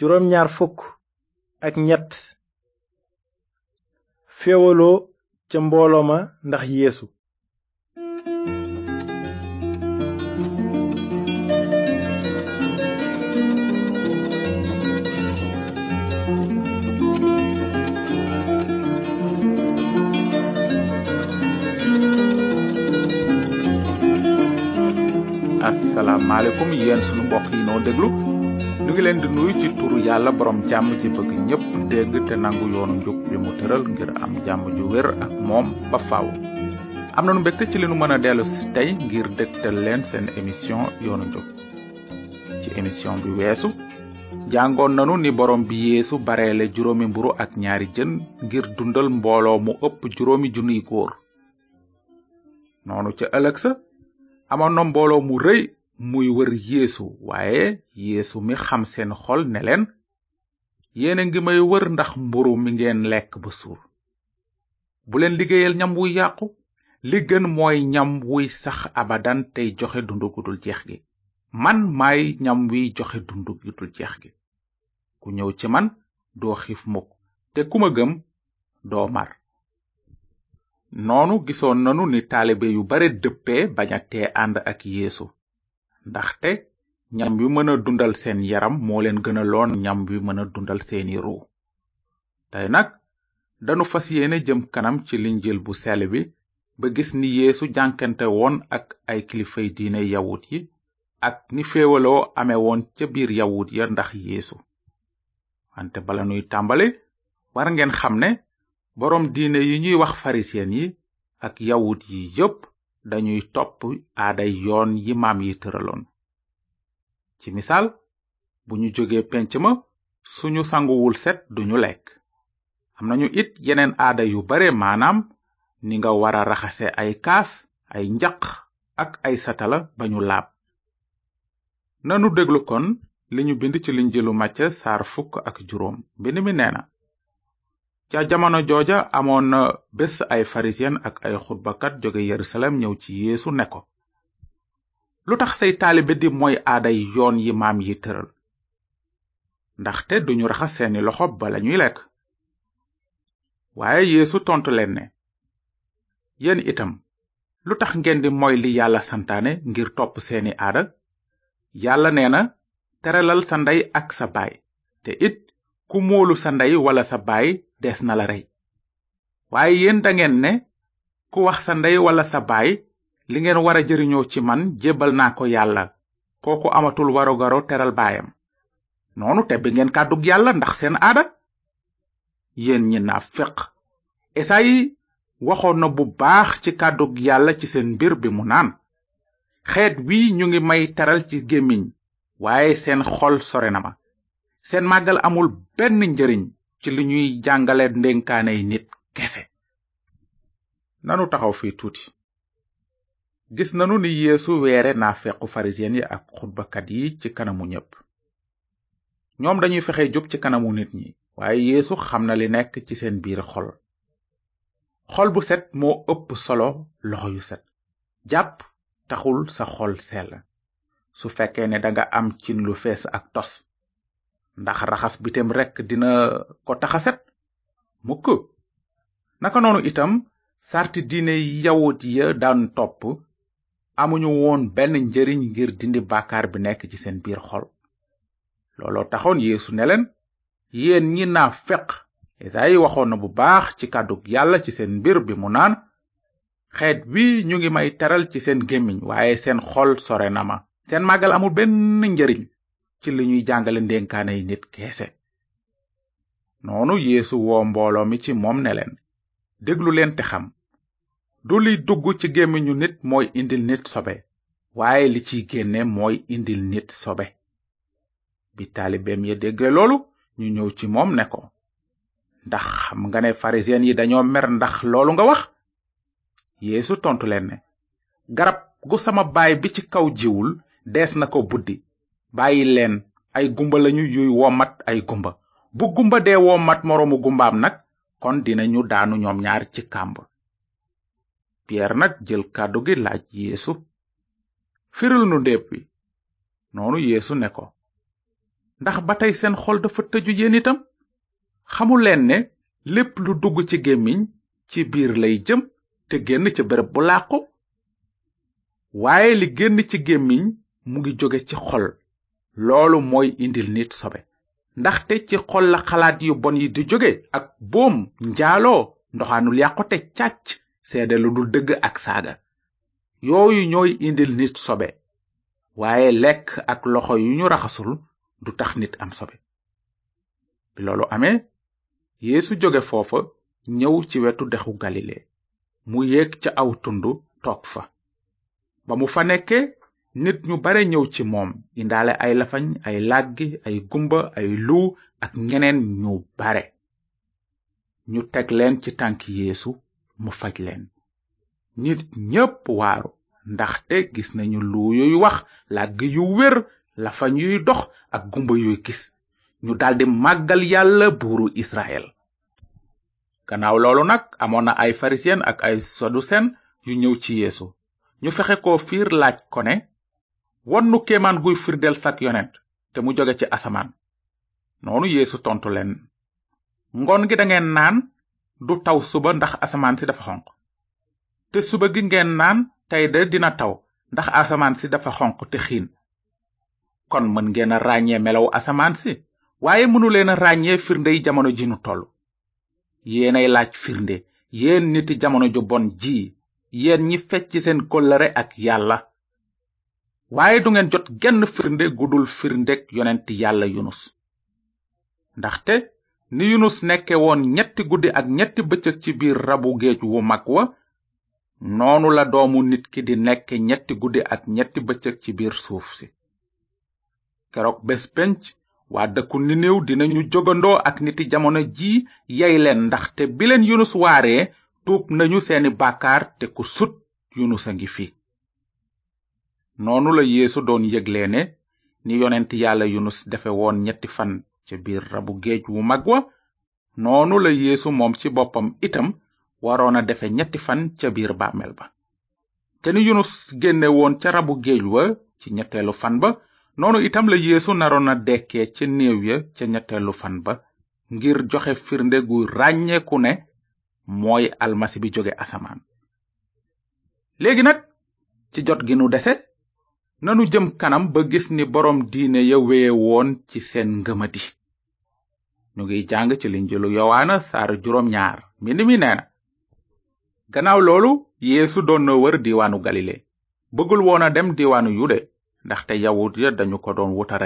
juróom ñaar fukk ak ñett féewaloo ca mbooloo ma ndax yeesu asalaamaaleykum yéen sunu mbokk yi noo déglu ñu ngi leen di nuyu ci turu yàlla borom jàmm ji bëgg ñépp dégg te nangu yoonu njub bi mu tëral ngir am jàmm ju wér ak moom ba faaw. am nañu mbégte ci li nu mën a dellu si tey ngir dégtal leen seen émission yoonu njub ci émission bi weesu jàngoon nanu ni borom bi yeesu bareele juróomi mburu ak ñaari jën ngir dundal mbooloo mu ëpp juróomi junniy góor noonu ca ëllëg sa amoon na mbooloo mu rëy muy wër yéesu waaye yéesu mi xam seen xol ne leen yéena ngi may wër ndax mburu mi ngeen lekk ba suur bu leen liggéeyal ñam wu yàqu li gën mooy ñam wuy sax abadan tey joxe dundu gu jeex gi man maay ñam wiy joxe dundu gu jeex gi ku ñëw ci man doo xiif mukk te ku ma gëm doo mar noonu gisoon nanu ni taalibe yu bare dëppee bañ a ànd ak yéesu ndaxte ñam wi mëna dundal seen yaram moo leen gëna loon ñam wi mëna dundal seeni ruu tey nag danu fas yéene jëm kanam ci linjil bu sell bi ba gis ni yéesu jànkante woon ak ay kilifay diine yawut yi ak ni féewaloo amewoon ca biir yawut ya ndax yeesu wante bala nuy tàmbale war ngeen xam ne boroom diine yi ñuy wax farisiyen yi ak yawut yi yépp dañuy topp aaday yoon yi maam yi tëraloon ci misaal bu ñu jógee penc ma suñu sanguwul set duñu lekk am nañu it yeneen aada yu bare maanaam ni nga wara raxasee ay kaas ay njaq ak ay satala ba ñu laab nanu déglu kon li ñu bind ci jëlu Macce saar fukk ak juróom mbind mi neena ca jamono jooja amoon na bés ay farisiyen ak ay xutbakat jóge yerusalem ñëw ci yeesu ne ko lu tax sey taalibe di mooy aaday yoon yi maam yi tëral ndaxte duñu raxas seeni loxo bala ñuy lekk waaye yeesu tontu leen ne yéen itam lu tax ngeen di mooy li yàlla santaane ngir topp seeni aada yàlla nee na teralal sa ndey ak sa baay te it ku moolu sa ndey wala sa baay des na la rey waaye yéen ngeen ne ku wax sa ndey wala sa baay li ngeen wara jëriñoo ci man jébbal naa ko yàlla kooku amatul warogaro teral baayam noonu tebbi ngeen kàddug yàlla ndax seen aada yéen ñi naaféq esayi waxoon na bu baax ci kàddug yàlla ci seen mbir bi mu naan xeet wi ñu ngi may teral ci gémmiñ waaye seen xol sore na ma seen màggal amul benn njëriñ ci li ñuy jàngale ndénkaaney nit kese nanu taxaw fii tuuti gis nanu ni yeesu weere naa fequ farisiyen yi ak xutbakat yi ci kanamu ñépp ñoom dañuy fexe jub ci kanamu nit ñi waaye yeesu xam na li nekk ci seen biir xool xool bu set moo ëpp solo loxo yu set jàpp taxul sa xol sell su fekkee ne danga am cin lu fees ak tos ndax raxas bitem rekk dina ko taxaset mukk naka noonu itam sarti diine yawut ya daan topp amuñu woon benn njëriñ ngir dindi bàkkaar bi nekk ci seen biir xol looloo taxoon yeesu ne leen yéen ñi naa feq esayi waxoon na bu baax ci kàddug yàlla ci seen mbir bi mu naan xeet bi ñu ngi may teral ci seen gémmiñ waaye seen xol sore na ma seen màggal amul benn njariñ ci li ñuy jàngale ndénkaanay nit keese noonu yéesu woo mbooloo mi ci moom ne leen déglu leen te xam du liy dugg ci gémmiñu nit mooy indil nit sobe waaye li ciy génne mooy indil nit sobe bi taalibeem ya dégge loolu ñu ñëw ci moom ne ko ndax xam nga ne pharisien yi dañoo mer ndax loolu nga wax yéesu tontu leen ne garab gu sama baay bi ci kaw jiwul dees na ko buddi bàyyi leen ay gumba lañu yuy womat ay gumba bu gumba dee womat moroomu gumbaam nag kon dinañu daanu ñoom ñaar ci kàmb piyeer nag jël kàddu gi laaj yeesu firil nu ndéeb bi noonu yéesu ne ko ndax ba tey seen xol dafa tëju yéen itam xamuleen ne lépp lu dugg ci gémmiñ ci biir lay jëm te génn ci béréb bu làqu waaye li génn ci gémmiñ mu ngi jóge ci xol loolu mooy indil nit sobe ndaxte ci xol la xalaat yu bon yi du jóge ak boom njaaloo ndoxaanul yàqute càcc seede lu du dëgg ak saaga yooyu ñooy indil nit sobe waaye lekk ak loxo yu ñu raxasul du tax nit am sobe bi loolu amee yéesu jóge foofa ñëw ci wetu dexu galile mu yéeg ca aw tund toog fa ba mu fa nekke nit ñu bare ñëw ci moom indaale ay lafañ ay làggi ay gumba ay lu ak ngeneen ñu bare ñu teg leen ci tànk yéesu mu faj leen nit ñépp waaru ndaxte gis nañu lu yuy wax làgg yu wér lafañ yuy dox ak gumba yuy gis ñu daldi màggal yàlla buuru israel gannaaw loolu nag amoon na ay farisiyen ak ay sadusen yu ñëw ci yéesu ñu fexe ko fiir laaj ko ne won nu kéemaan guy firndeel sak yonent te mu joge ci asamaan noonu yéesu tontu leen ngoon gi dangeen naan du taw suba ndax asamaan si dafa xonq te suba gi ngeen naan tey de dina taw ndax asamaan si dafa xonq te xiin kon mën ngeen a ràññee melaw asamaan si waaye mënu leen a ràññee firndey jamono ji nu toll yéenay laaj firnde yéen niti jamono ju bon ji yéen ñi fecc seen kóllëre ak yàlla waaye du ngeen jot genn firnde gudul firndeg yonent yàlla yunus ndaxte ni yunus nekke woon ñetti guddi ak ñetti bëcëg ci biir rabu géej wu mag wa noonu la doomu nit ki di nekke ñetti guddi ak ñetti bëccëg ci biir suuf si keroog bés penc waa dëkku niniw dinañu jogandoo ak niti jamono ji yey leen ndaxte bileen leen yunus waaree tuub nañu seeni bàkkaar te ku sut yunus a ngi fi noonu la yéesu doon yëgle ne ni yonent yàlla yunus defe woon ñetti fan ca biir rabu géej wu mag wa noonu la yéesu moom ci boppam itam waroona defe ñetti fan ca biir bàmmeel ba te ni yunus génne ca rabu géej wa ci ñetteelu fan ba noonu itam la yéesu naroon a dekkee ca néew ya ca ñetteelu fan ba ngir joxe firnde gu ràññeeku ne mooy almasi bi jóge asamaan léegi nag ci jot gi nu dese nanu jëm kanam ba gis ni boroom diine ya weye woon ci seen ngëmadi ñu ngi jàng ci linjilu yowaana saar juróom ñaar mbind mi nee na gannaaw loolu yéesu doon na wër diiwaanu galile bëggul woon a dem diiwaanu yude ndaxte yawut ya dañu ko doon wuta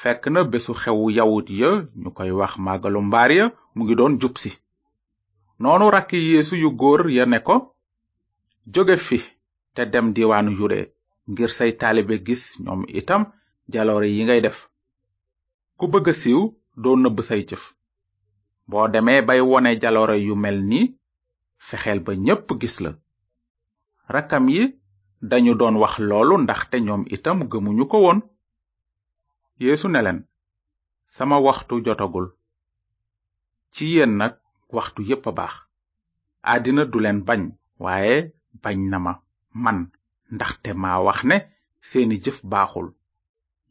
fekk na bésu xewu yawut ya ñu koy wax màggalu mbaar ya mu ngi doon jub si noonu rakk yeesu yu góor ya ne ko jóge fi te dem diwaanu yude ngir say taalibe gis ñoom itam jaloore yi ngay def ku bëgg a siiw doo nëbb say jëf boo demee bay wone jaloore yu mel ni fexeel ba ñépp gis la rakkam yi dañu doon wax loolu ndaxte ñoom itam gëmuñu ko woon yeesu ne leen sama waxtu jotagul ci yéen nag waxtu yépp a baax àddina du leen bañ waaye bañ na ma man ndaxte ma wax ne seeni jëf baaxul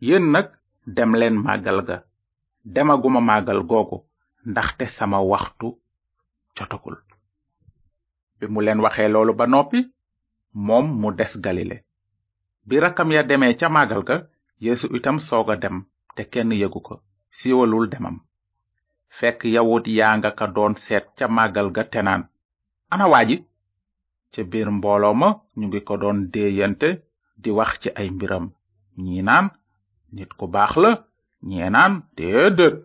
yéen nag dem leen màggal ga demaguma màggal googu ndaxte sama waxtu jotagul bimu leen waxee loolu ba noppi moom mu des galile bi rakkam ya demee ca màggal ga yeesu itam soog a dem te kenn yëgu ko siiwalul demam fekk yawut yaa nga ka doon seet ca màggal ga te ana waa ca biir mbooloo ma ñu ngi ko doon déeyante di wax ci ay mbiram ñi naan nit ku baax la ñee naan déedéet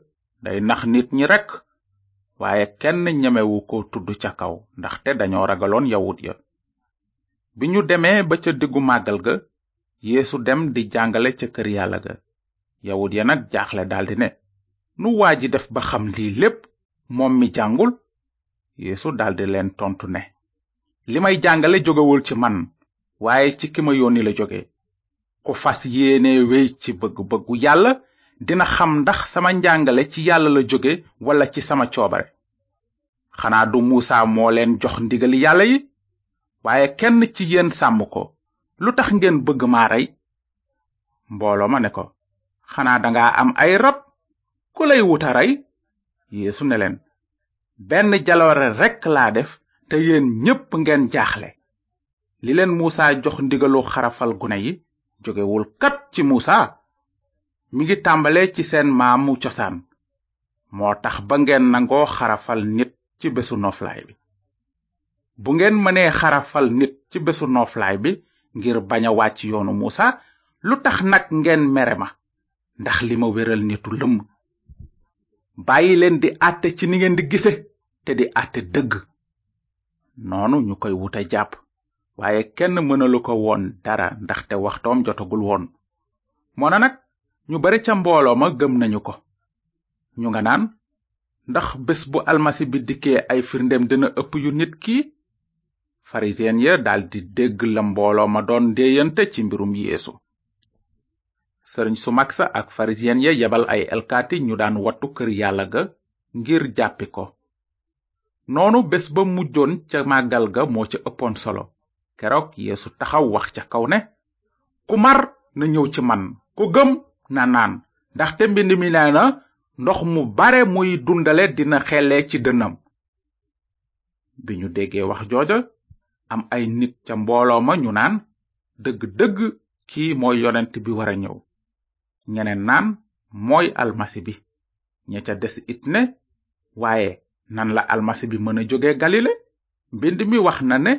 day nax nit ñi rekk waaye kenn ñemewu ko tudd ca kaw ndaxte dañoo ragaloon yawut ya bi ñu demee ba ca diggu màggal ga yéesu dem di jàngale ca kër yàlla ga yawut ya nag jaaxle daldi ne nu waa ji def ba xam lii lépp moom mi jàngul yeesu daldi leen tontu ne li may jàngale jógewul ci man waaye ci ki ma yónni la jóge ku fas yéene wéy ci bëgg-bëggu yàlla dina xam ndax sama njàngale ci yàlla la jóge walla ci sama coobare xanaa du muusa moo leen jox ndigali yàlla yi waaye kenn ci yéen sàmm ko lu tax ngeen bëgg maa rey mbooloo ma ne ko xanaa danga am ay rab ku lay wuta rey yéesu ne leen benn jaloore rekk laa def te yéen ñépp ngeen jaaxle li leen muusa jox ndigalu xarafal gune yi jógewul kat ci muusa mi ngi tàmbalee ci seen maamu cosaan moo tax ba ngeen nangoo xarafal nit ci bésu noflaay bi bu ngeen mënee xarafal nit ci bésu noflaay bi ngir bañ a wàcc yoonu muusa lu tax nag ngeen mere ma ndax li ma wéral nitu lëmm bàyyi leen di àtte ci ningeen di gise te di àtte dëgg noonu ñu koy wuta jàpp waaye kenn mënalu ko woon dara ndaxte waxtoom jotagul woon moona nag ñu bari ca mbooloo ma gëm nañu ko ñu nga naan ndax bés bu almasi bi dikkee ay firndeem dina ëpp yu nit ki farisiyen ya daldi dégg la mbooloo ma doon ndéeyante ci mbirum yeesu sëriñ su mag sa ak farisiyen ya yebal ay alkaati ñu daan wattu kër yàlla ga ngir jàppi ko noonu bés ba mujjoon ca màggal ga moo ca ëppoon solo keroog yéesu taxaw wax ca kaw ne ku mar na ñëw ci man ku gëm na naan ndax te mbind mi nee na ndox mu bare muy dundale dina xellee ci dënnam bi ñu déggee wax jooja am ay nit ca mbooloo ma ñu naan dëgg-dëgg kii mooy yonent bi wara ñëw ñeneen naan mooy almasi bi ña ca des it ne waaye nan la almasi bi mën a jóge galile mbind mi wax na ne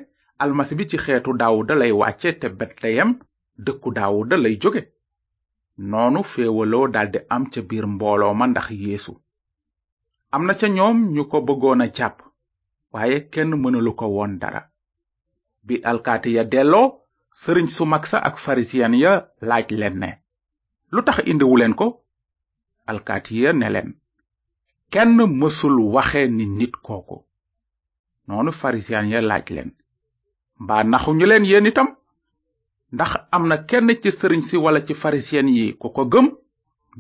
almasi bi ci xeetu daawuda lay wàcce te betleyem dëkku daawuda lay jóge noonu féewaloo daldi am ca biir mbooloo ma ndax yeesu am na ca ñoom ñu ko bëggoon a jàpp waaye kenn mënalu ko woon dara bi alkaati ya delloo sëriñ su mag sa ak farisiyen ya laaj leen ne lu tax indiwu leen ko alkaati ya ne leen kenn mësul waxe ni nit kooku noonu farisiyen ya laaj leen mbaa naxuñu leen yéen itam ndax am na kenn ci sëriñ si walla ci farisiyen yi ku ko gëm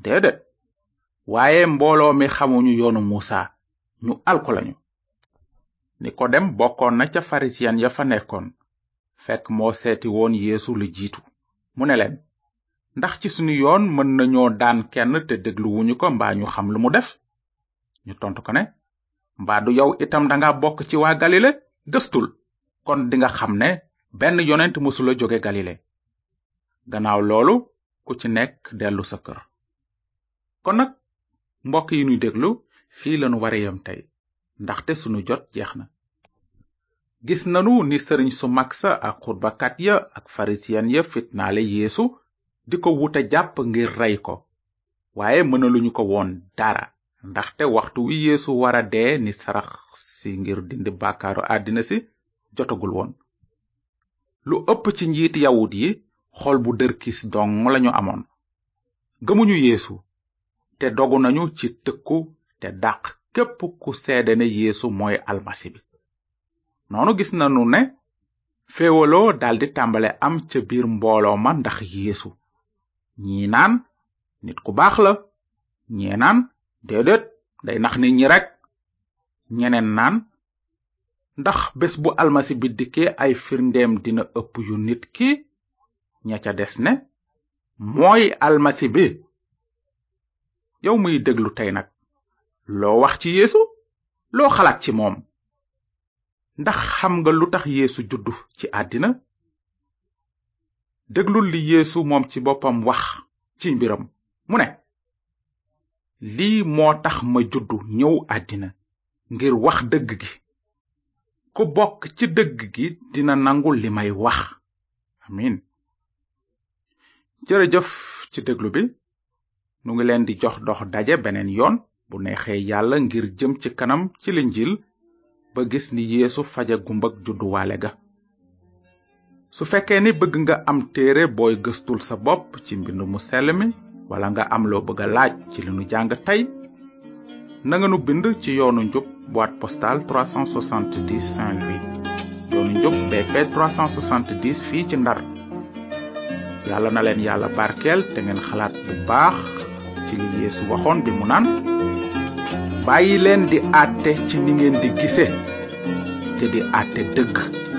déedéet waaye mbooloo mi xamuñu yoonu muusa ñu alku lañu nikodem bokkoon na ca farisiyen ya fa nekkoon fekk moo seeti woon yéesu lu jiitu mu ne leen ndax ci sunu yoon mën nañoo daan kenn te dégluwuñu ko mbaa ñu xam lu mu def ñu tontu ko ne mbaa du yow itam danga bokk ci waa galile gëstul kon dinga xam ne benn yonent mësula jóge galile gannaaw loolu ku ci nekk dellu sa kër kon nag mbokk yi ñuy déglu fii lanu wara yam tey ndaxte sunu jot jeex na gis nanu ni sëriñ su mag sa ak xutbakat ya ak farisiyen ya fitnaale yeesu di ko wuta jàpp ngir rey ko waaye mënaluñu ko woon dara ndaxte waxtu wi yeesu wara dee ni sarax si ngir dindi bàkkaaru àddina si jotagul woon lu ëpp ci njiit yawut yi xool bu dërkiis dong lañu amoon gëmuñu yéesu te dogu nañu ci tëkku te dàq képp ku seede ne yeesu mooy almasi bi noonu gis nañu ne féewaloo daldi tàmbale am ca biir mbooloo ma ndax yeesu ñii naan nit ku baax la ñee naan déedéet day nax nit ñi rek ñeneen naan ndax bés bu almasi bi dikkee ay firndeem dina ëpp yu nit ki ña ca des ne mooy almasi bi yow muy déglu tey nag loo wax ci yeesu loo xalaat ci moom ndax xam nga lu tax yéesu juddu ci àddina déglul li yéesu moom ci boppam wax ci mbiram mu ne lii moo tax ma juddu ñëw àddina ngir wax dëgg gi ku bokk ci dëgg gi dina nangu li may wax amin jërëjëf ci déglu bi nu ngi leen di jox dox daje beneen yoon bu neexee yàlla ngir jëm ci kanam ci linjil ba gis ni yéesu faje gumbag judduwaale ga su fekkee ni bëgg nga am téere booy gëstul sa bopp ci mbind mu sell mi wala nga am loo bëgg a laaj ci li nu jàng tey na nga bind ci yoonu njub boîte postale 370 Saint-Louis yoonu njub BP 370 fii ci Ndar yàlla na leen yàlla barkeel te ngeen xalaat bu baax ci li Yeesu waxoon bi mu naan bàyyi leen di àtte ci ni ngeen di gise te di àtte dëgg